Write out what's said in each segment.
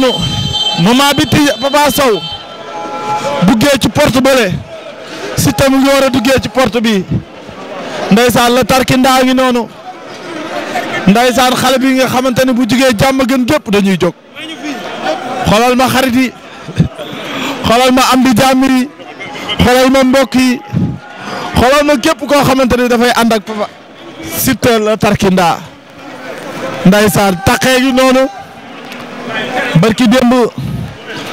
noonu moment bi ti Sow duggee ci porte bële Siteu mu ngi ci porte bi ndeysaan la tarkindaa ngi noonu ndeysaan xale bi nga xamante ne bu jugee jàmm gën gépp dañuy jóg xoolal ma xarit yi xoolal ma am jàmm yi xoolal ma mbokk yi xoolal ma képp koo xamante ne dafay ànd ak Papa Siteu la tarkindaa ndeysaan taqee gi noonu barki démb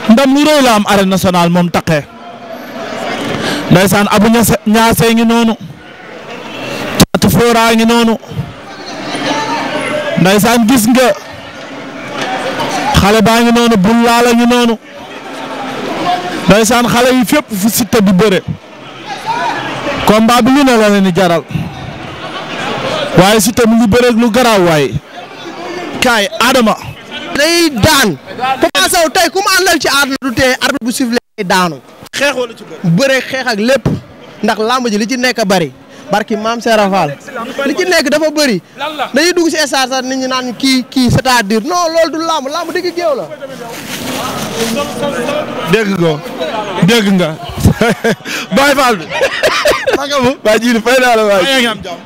ndam lu rëy la am arène nationale moom taqee ndaysaan abu ñaasee ngi noonu caatu fooraa ngi noonu ndaysaan gis nga xale baa ngi noonu bul laala ngi noonu ndaysaan xale yi fépp fu Siteu di bëre combat bi lu ne la leen di jaral waaye Siteu mu ngi bëreeg lu garaaw waaye kaay Adama day daan Papa Sow tey ku mu àndal ci àdduna du te arbitre bu sifflé daanu. xeex wala ci bëre xeex ak lépp ndax lamb ji li ci nekk bari barki maam Serap Fall li ci nekk dafa bëri dañuy dugg si stade sax nit ñi naan kii kii c'est-à-dire non du lamb lamb digg géew la dégg ko dégg nga Baye Fall bi. naka mu waa ji fay naa la waay.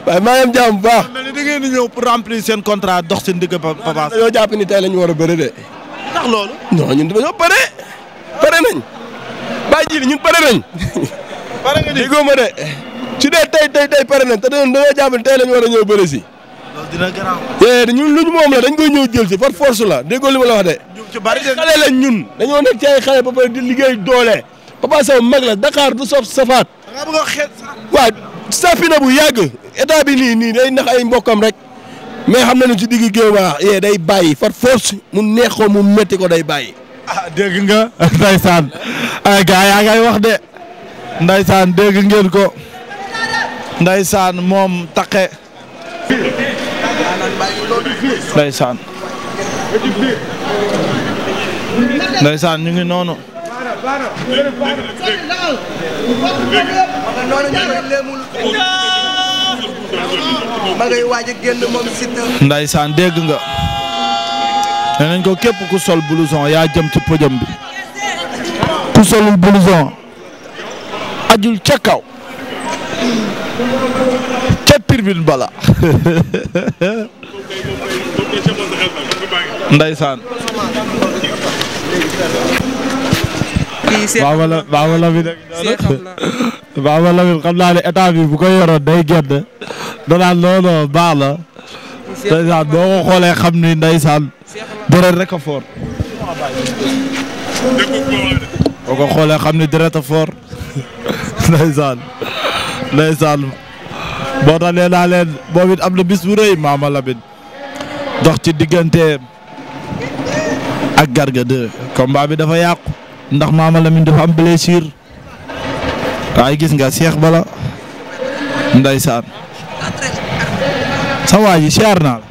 waaye maa ngi am jàmm bu baax. da ngeen di ñëw pour remplir seen contrat dox seen digg Papa. dañoo jàpp ni tey la ñu war a bëre de. ndax loolu. non ñun dañoo pare. pare nañ. Baye ji ñun pare nañ. pare nga di déggoo ma de. su dee tey tey tey pare nañ te dañoo jàpp ni tey la ñu war a ñëw bëre si. loolu dina garaaw. Eh, ñun luñ moom la dañ koy ñëw jël si par force la déggoo li ma la wax de. ñu ci ñun dañoo nekk ci ay xale ba pare di liggéey doole Papa Sow mag la Dakar du safaat. da nga na bu yàgg état bi nii nii day nax ay mbokkam rek mais xam nañu ci digg géew yee eh, day bàyyi par force mu neex ko mu métti ko day bàyyi. ah dégg nga ndaysaan ay gaa yaa ngay wax de ndaysaan dégg moom taqe. ndeysaan ndeysaan ñu ngi noonu ma ngay waaj a génn nga ne nañ ko képp ku sol blouson yaa jëm ci podium bi ku solul blouson ajul ca kaw ca bala Ndeysaan. i la baaba la bi nag baaba la bi xam ne état bi bu ko yoroon day gedd danaan looloo baax la ndeysaan boo ko xoolee xam ni ndeysaan deret rek a foor boo ko xoolee xam ni deret leen moom it am na bis bu rëy maama dox ci diggante ak Garga 2 combat bi dafa yàqu ndax la Lamine dafa am blessure waaye gis nga Cheikh Bala ndeysaan sa waa ji siyaar naa la.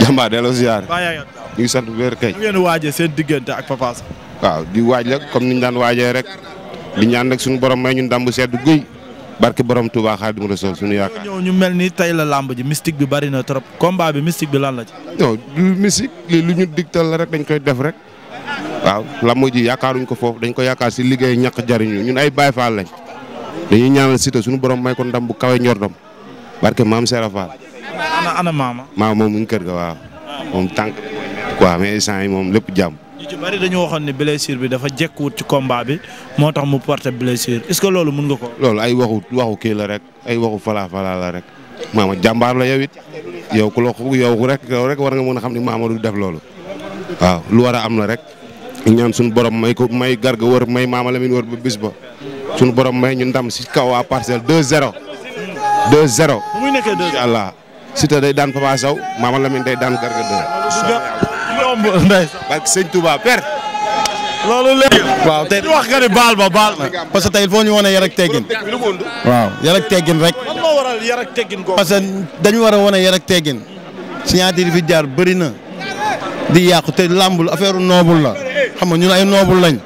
jàmbaar delloo siyaar. ñu ngi sant bu wér kay. ngeen waajee seen diggante ak Papa waaw di waaj la comme ni ñu daan waajee rek di ñaan rek suñu borom may ñun ndam bu sedd guy. barki borom Touba Xaadimu Rasuul suñu yaakaar. ñëw ñu mel ni tey la làmb ji mystique bi bari na trop combat bi mystique bi lan la ci. non du li lu ñu digtal la rek dañ koy def rek waaw làmb ji yaakaaruñ ko foofu dañ ko yaakaar si liggéey ñàkk jariñu ñun ay Baay Faal lañ dañuy ñaanal Siteu suñu borom may kon dam bu kawe njortam barke maam Serap Fall. ana ana maama. maama moom mu kër ga waaw. moom tànk quoi mais instant yi moom lépp jàmm. ñu ci bari dañu waxoon ne blessure bi dafa jekk jekkuwut ci kombaa bi moo tax mu porte blessure est-ce que loolu mun nga ko. loolu ay waxu waxu kii la rek ay waxu falaa falaa la rek maama jàmbaar la yow it yow ku la yow rek yow rek war nga mën a xam ni maama du def loolu waaw lu war a am la rek ñaan suñu borom may ko may garga wër may maama la miin wër ba bis ba suñu boroom may ñu ndam si kaw waa parcelle 2-0. 2-0. bu muy allah Siteu day daan Papa Sow maama la miin daan garga yomb ndeysaan. parce que sëñ Touba waaw tey wax nga ni baal ma baal ma. parce que tey il faut ñu wane yar ak teggin. waaw yar ak rek. lan moo waral yar dañu war a wane yar ak teggin. signature bi jaar bëri na. di yàqu te làmbul affaire noobul la xam nga ñun ay noobul lañ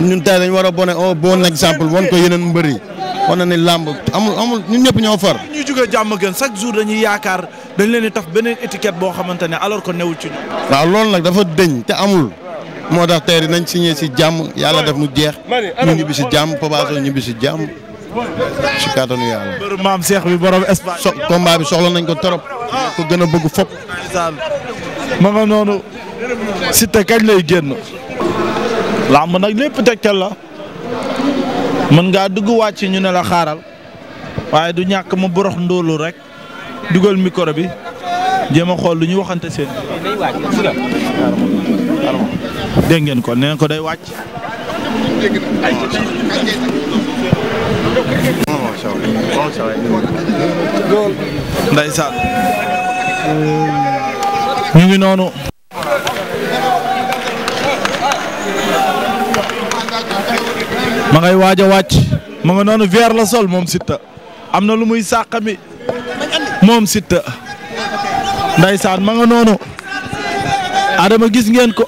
ñun tey dañu war a bone au oh, bon exemple won ko yeneen mbër yi wane ni làmb amul amul ñun ñëpp ñoo far. jàmm gën chaque jour dañuy yaakaar dañ leen di taf beneen étiquette boo xamante ne alors que newul ci ñun. loolu nag dafa dëñ te amul. moo tax tey nañ si signé si jàmm yàlla def mu jeex ñu ñibbi si jàmm Papa Sow ñibbi si jàmm si kàttanu yàlla. bërëb maam seex bi borom Espagne. so combat bi soxla nañ ko trop. Ah. ko gën a bëgg fop. ma nga noonu. Siteu kañ lay génn. làmb nag lépp tegtal la. mën ngaa dugg wàcc ñu ne la xaaral waaye du ñàkk ma borox ndóolu rek dugal mikoro bi jéem a xool lu ñu waxante seen. dégg ko nee ko day wàcc. ndeysaan ñu ngi noonu. ma ngay waaj a wàcc ma nga noonu veer la sol moom Siteu am na lu muy sàqami moom Siteu ndaysaan ma nga noonu Adama gis ngeen ko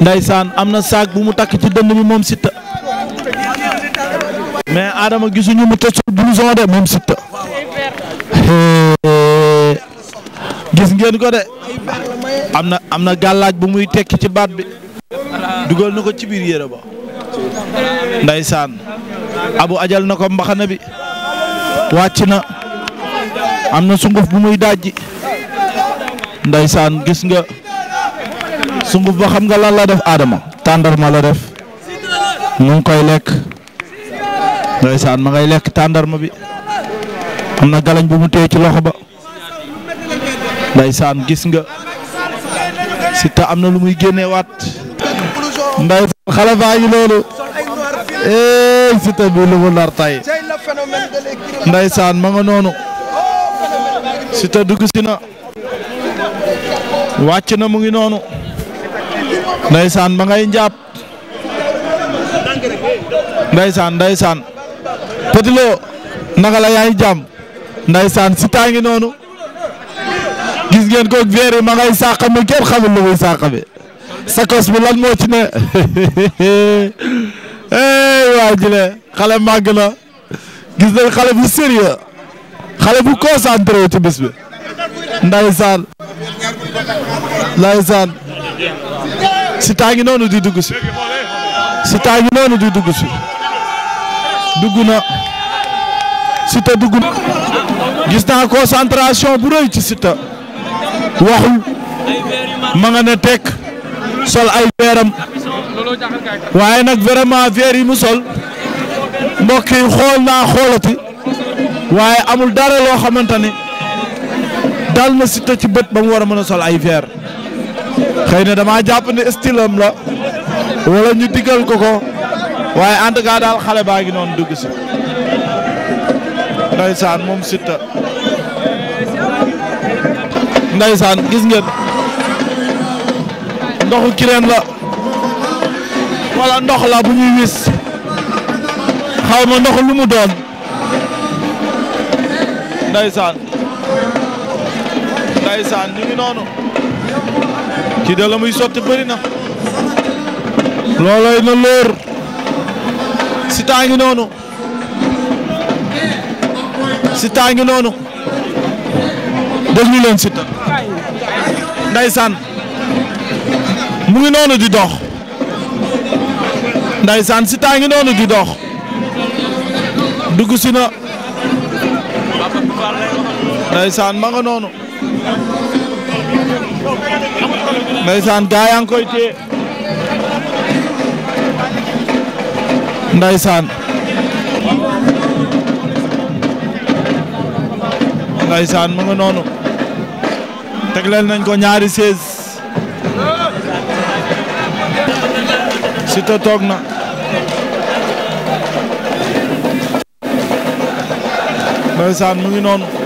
ndaysaan am na saak bu mu takk ci dënd bi moom Siteu mais Adama gisuñu mu tëj blouson de moom Siteu gis ngeen ko de am na am na gàllaaj bu muy tekk ci baat bi dugal na ko ci biir yére ba ndeysaan abu ajal na ko mbaxana bi wàcc na am na sunguf bu muy dajji ndeysaan gis nga sunguf ba xam nga lan la def aadama tàndarma la def mu ngi koy lekk ndeysaan ma ngay lekk tàndarma bi am na galañ bu mu téye ci loxo ba ndeysaan gis nga Siteu am na lu muy génneewaat nday xale baa ngi noonu eh Siteu bi lu mu nar tay ndeysaan ma nga noonu Siteu dugg si na wàcc na mu ngi noonu ndeysaan ma ngay njàpp ndeysaan ndeysaan Petit Lo naka yaay jàmm ndeysaan Siteu ngi noonu gis ngeen ko veer yi ma ngay sàq mi kenn xamul sàq bi sakos bi lan moo ci ne waa ji le xale màgg na gis nañ xale bu sérieux xale bu concentré wu ci bés bi ndaysaan ndaysaan si taa ngi noonu di dugg si si taa noonu di dugg si dugg na si ta dugg na gis naa concentration bu rëy ci si ta waxul ma nga sol ay veeram waaye nag vraiment veer yi mu sol mbokk yi xool naa xoolati waaye amul dara loo xamante ni dal na Siteu ci bët ba mu war a mën a sol ay veer xëy na damaa jàpp ni style am la wala ñu digal ko ko waaye en tout daal xale baa ngi noonu dugg si ndaysaan moom Siteu ndaysaan gis ngeen ndoxu kireen la wala ndox la bu ñuy wis xaw ma ndox lu mu doon ndaysaan ndaysaan ñu ngi noonu ci de la muy sotti bëri na looloy na lóor Siteu ngi noonu Siteu ngi noonu déglu leen Siteu ndaysaan mu ngi noonu di dox ndaysaan Siteu ngi noonu di dox dugg si na ndaysaan ma nga noonu ndaysaan gaa yaa ngi koy téye ndaysaan ndaysaan ma nga noonu tegleel nañ ko ñaari seize Siteu toog na ndeysaan mu ngi noonu